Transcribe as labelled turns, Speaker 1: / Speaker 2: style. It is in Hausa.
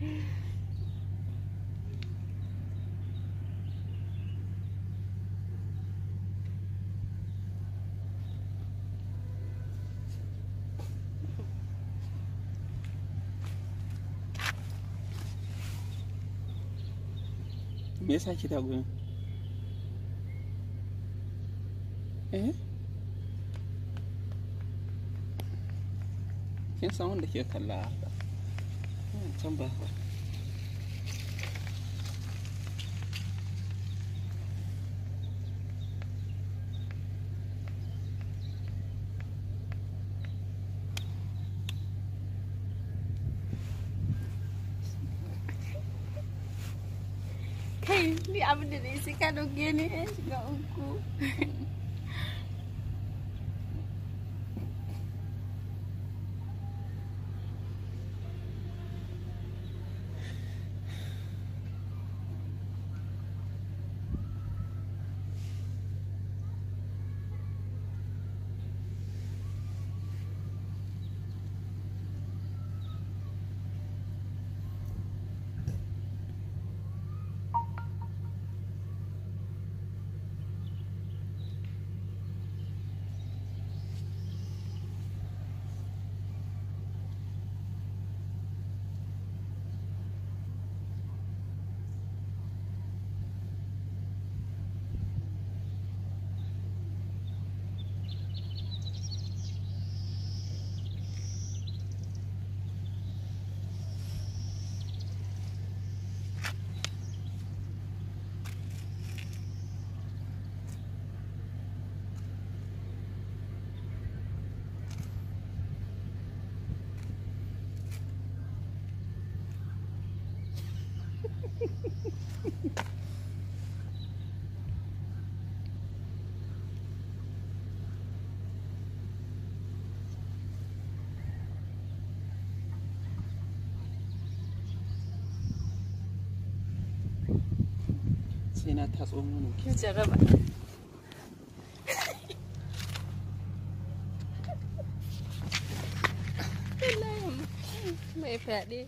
Speaker 1: me yasa ki da
Speaker 2: eh
Speaker 3: kin san wanda ke kalla haka tambah lah
Speaker 4: ni apa dia isikan ok ni eh Cakap ungu
Speaker 5: ዜና ታጾሙ ነው ጀረባ
Speaker 4: mai faɗi